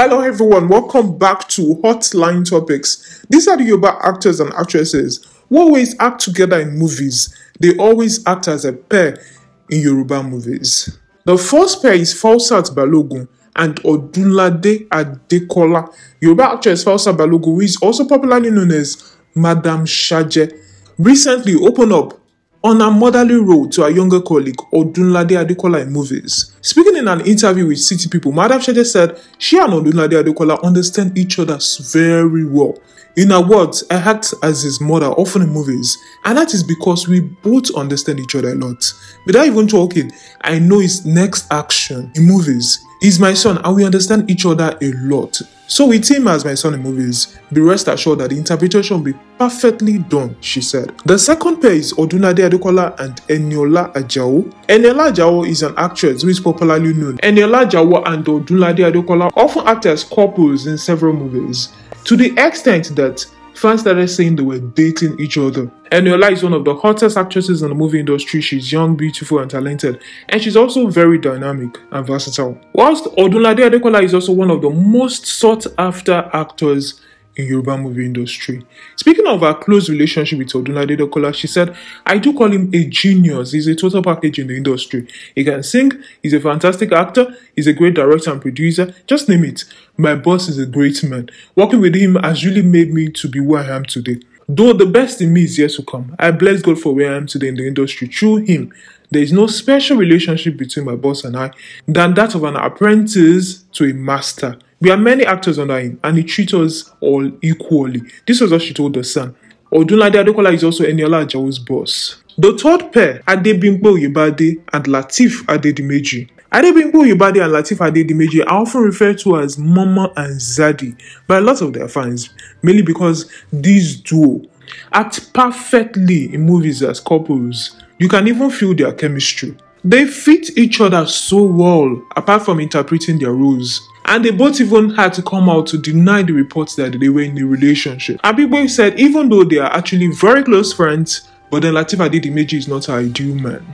Hello, everyone. Welcome back to Hotline Topics. These are the Yoruba actors and actresses who always act together in movies. They always act as a pair in Yoruba movies. The first pair is Falsat Balogun and Odunlade Adekola. Yoruba actress Falsat Balogun, who is also popularly known as Madam Shaje, recently opened up on a motherly role to our younger colleague Odunlade Adekola in movies. Speaking in an interview with City People, Madam Shede said she and Odunlade Adekola understand each other very well. In her words, I act as his mother often in movies, and that is because we both understand each other a lot. Without even talking, I know his next action in movies. He's my son, and we understand each other a lot. So, with him as my son in movies, be rest assured that the interpretation will be perfectly done, she said. The second pair is Odunade Adekola and Eniola Ajao. Eniola Ajao is an actress who is popularly known. Eniola Ajao and Odunade Adekola often act as couples in several movies, to the extent that Fans started saying they were dating each other. Eniola is one of the hottest actresses in the movie industry. She's young, beautiful, and talented, and she's also very dynamic and versatile. Whilst Odunlade Adekola is also one of the most sought after actors in Yoruba movie industry. Speaking of her close relationship with Oduna Dedokola, she said, I do call him a genius. He's a total package in the industry. He can sing, he's a fantastic actor, he's a great director and producer, just name it. My boss is a great man. Working with him has really made me to be where I am today. Though the best in me is yet to come, I bless God for where I am today in the industry through him. There is no special relationship between my boss and I than that of an apprentice to a master. We are many actors under him, and he treats us all equally. This was what she told her son. Odunlade Adekola is also Eniola Ajawo's boss. The third pair, Adebimpe Oyebade and Latif Adedimeji. Adebimpe Oyebade and Latif Adedimeji are often referred to as Mama and Zadi by a lot of their fans, mainly because these duo act perfectly in movies as couples. You can even feel their chemistry. They fit each other so well, apart from interpreting their roles and they both even had to come out to deny the reports that they were in a relationship. Abigboy said even though they are actually very close friends, but then Latifa Didimeji is not her ideal man.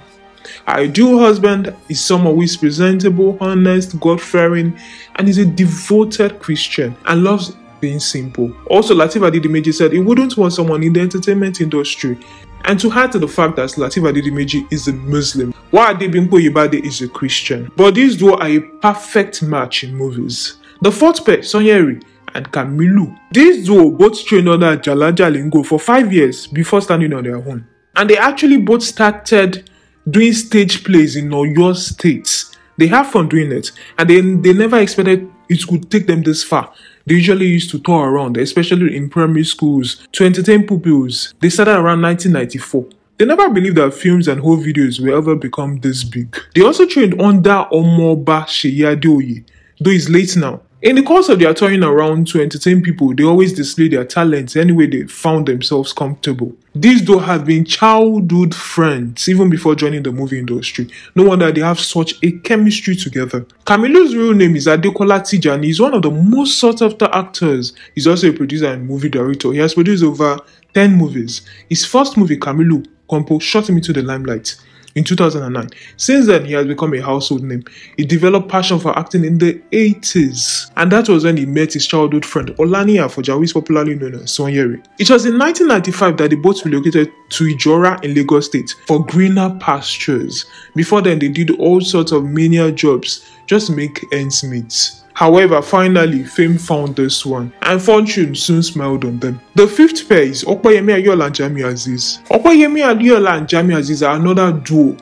Her ideal husband is someone who is presentable, honest, God-fearing, and is a devoted Christian and loves being simple. Also, Latifah Adedimeji said he wouldn't want someone in the entertainment industry. And to add to the fact that Latifah Adedimeji is a Muslim, while Adebimpo Yebade is a Christian. But these duo are a perfect match in movies. The fourth pair, Sonyeri, and Kamilu. These duo both trained under Jalaja Lingo for five years before standing on their own. And they actually both started doing stage plays in Oyo states. They have fun doing it, and they, they never expected it could take them this far. They usually used to tour around, especially in primary schools, to entertain pupils. They started around 1994. They never believed that films and whole videos will ever become this big. They also trained under Omoba Sheyadeoye, though he's late now. In the course of their touring around to entertain people, they always display their talents any way they found themselves comfortable. These though have been childhood friends even before joining the movie industry. No wonder they have such a chemistry together. Camilo's real name is Adekola Tijani. He's one of the most sought after actors. He's also a producer and movie director. He has produced over 10 movies. His first movie, Camilo, Compo, shot him into the limelight in 2009. Since then, he has become a household name. He developed passion for acting in the 80s, and that was when he met his childhood friend Olania for who is popularly known as Sonyeri. It was in 1995 that they both relocated to Ijora in Lagos State for greener pastures. Before then, they did all sorts of menial jobs just make ends meet. However, finally, fame found this one, and fortune soon smiled on them. The fifth pair is Okoyemi Adeola and Jamiu Aziz. Okoyemi Adeola and Jamia Aziz are another duo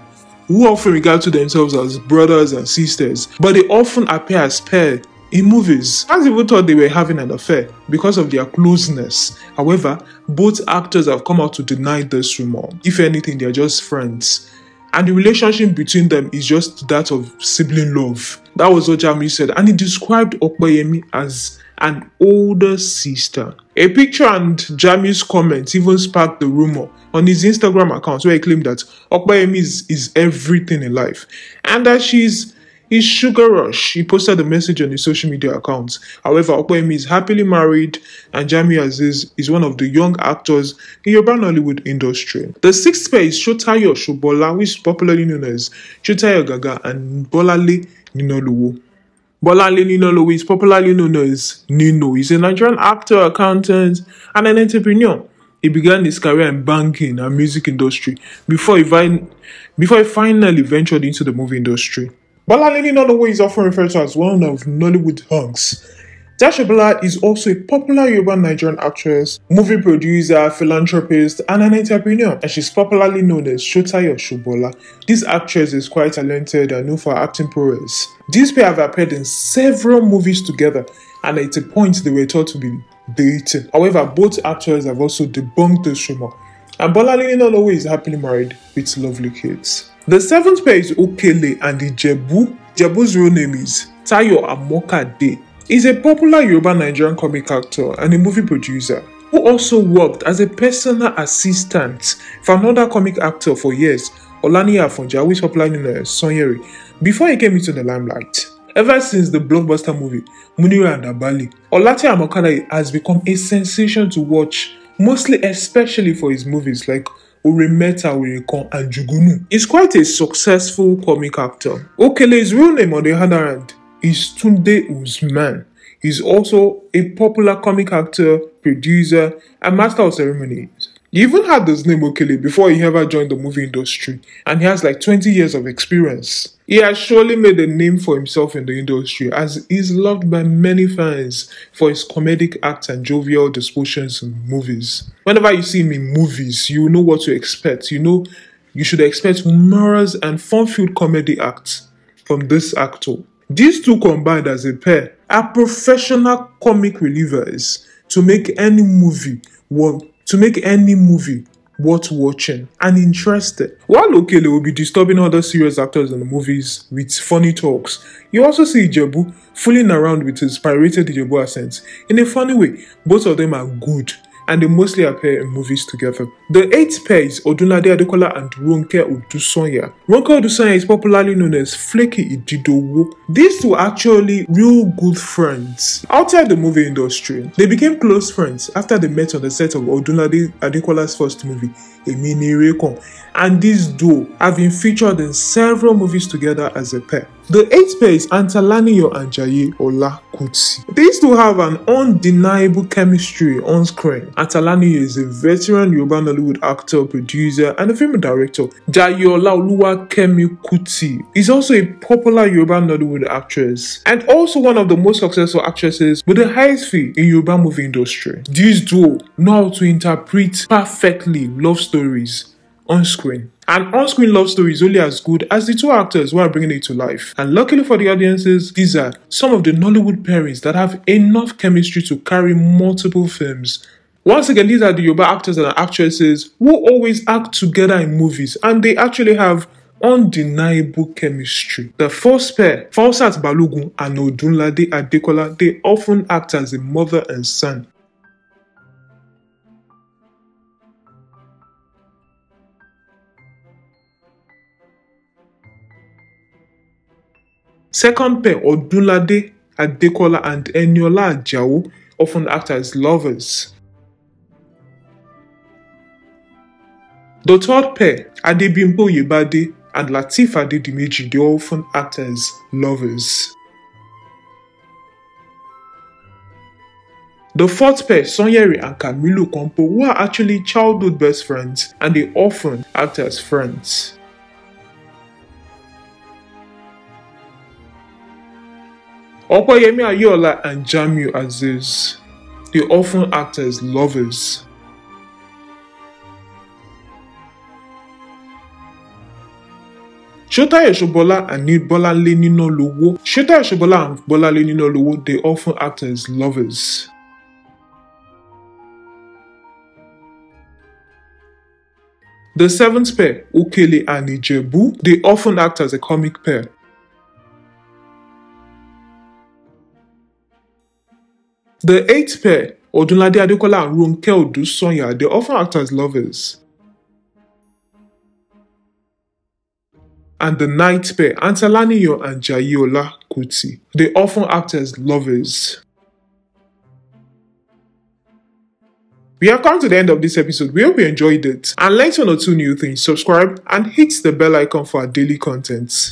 who often regard to themselves as brothers and sisters, but they often appear as pair in movies. Fans even thought they were having an affair because of their closeness. However, both actors have come out to deny this rumor. If anything, they are just friends and the relationship between them is just that of sibling love. That was what Jamie said, and he described Okpayemi as an older sister. A picture and Jamie's comments even sparked the rumor on his Instagram account where he claimed that Okpayemi is, is everything in life and that she's is Sugar Rush. He posted a message on his social media accounts. However, Okwemi is happily married and Jamie Aziz is one of the young actors in urban Nollywood industry. The sixth pair is Shotayo Shobola, which is popularly known as Shotayo Gaga and Bolale Ninoluwo. Bolale Ninoluwo is popularly known as Nino. He's a Nigerian actor, accountant, and an entrepreneur. He began his career in banking and music industry before he, before he finally ventured into the movie industry. Balanini Nollywood is often referred to as one of Nollywood hunks. Dasha Balat is also a popular Yoruba Nigerian actress, movie producer, philanthropist, and an entrepreneur, and she's popularly known as Shotayo Shubola. This actress is quite talented and known for her acting prowess. These pair have appeared in several movies together, and at a point they were thought to be dating. However, both actors have also debunked this rumor and Bolalini Nolawe is happily married with lovely kids. The seventh pair is Okele and the Jebu. Jebu's real name is Tayo Amokade. He's a popular Yoruba Nigerian comic actor and a movie producer who also worked as a personal assistant for another comic actor for years, Olani Afonja, who is popular in uh, Sonyeri, before he came into the limelight. Ever since the blockbuster movie Munira and Abali, Olati Amokade has become a sensation to watch mostly especially for his movies like Uremeta Wirekon and Jugunu. He's quite a successful comic actor. Okele's real name on the other hand is Tunde Usman. He's also a popular comic actor, producer, and master of ceremony. He even had his name Okele before he ever joined the movie industry, and he has like 20 years of experience. He has surely made a name for himself in the industry as he is loved by many fans for his comedic acts and jovial dispositions in movies. Whenever you see him in movies, you know what to expect. You know you should expect humorous and fun-filled comedy acts from this actor. These two combined as a pair are professional comic relievers to make any movie worth to make any movie worth watching and interested. While Okele will be disturbing other serious actors in the movies with funny talks, you also see Ijebu fooling around with his pirated Ijebu accent in a funny way. Both of them are good and they mostly appear in movies together. The eighth pair is Odunade Adekola and Ronke Odusanya. Ronke Odusanya is popularly known as Flaky Ididowo. These two are actually real good friends. Outside the movie industry, they became close friends after they met on the set of Odunade Adekola's first movie, Emini Rekon, and this duo have been featured in several movies together as a pair. The eighth pair is Antalaniyo and Ola Olakutsi. These two have an undeniable chemistry on screen. Antalaniyo is a veteran Yoruba Nollywood actor, producer, and a film director. Jaye Olaoluwa Kemi Kuti is also a popular Yoruba Nollywood actress and also one of the most successful actresses with the highest fee in Yoruba movie industry. These duo know how to interpret perfectly love stories on screen. An on screen love story is only as good as the two actors who are bringing it to life. And luckily for the audiences, these are some of the Nollywood pairings that have enough chemistry to carry multiple films. Once again, these are the Yoruba actors and actresses who always act together in movies, and they actually have undeniable chemistry. The first pair, Falsat Balogun and Odunlade Adekola, they often act as a mother and son. Second pair Odunlade Adekola and Eniola Ajao often act as lovers. The third pair, Adebimbo Yebade and Latif Adedimeji, they often act as lovers. The fourth pair, Sonyeri and Camilo Kompo, were actually childhood best friends and they often act as friends. Okwayemi Ayola and Jamiu Aziz, they often act as lovers. Shota Eshobola and Bola Lenino Lowo. Shota Eshobola and Bola Lenino Lowo, they often act as lovers. The seventh pair, Okele and Ijebu, they often act as a comic pair. The eighth pair, Odunlade Adekola and Ronke Odusanya, they often act as lovers. And the ninth pair, Antalaniyo and Jayola Kuti, they often act as lovers. We have come to the end of this episode. We hope you enjoyed it and learned one or two new things. Subscribe and hit the bell icon for our daily content.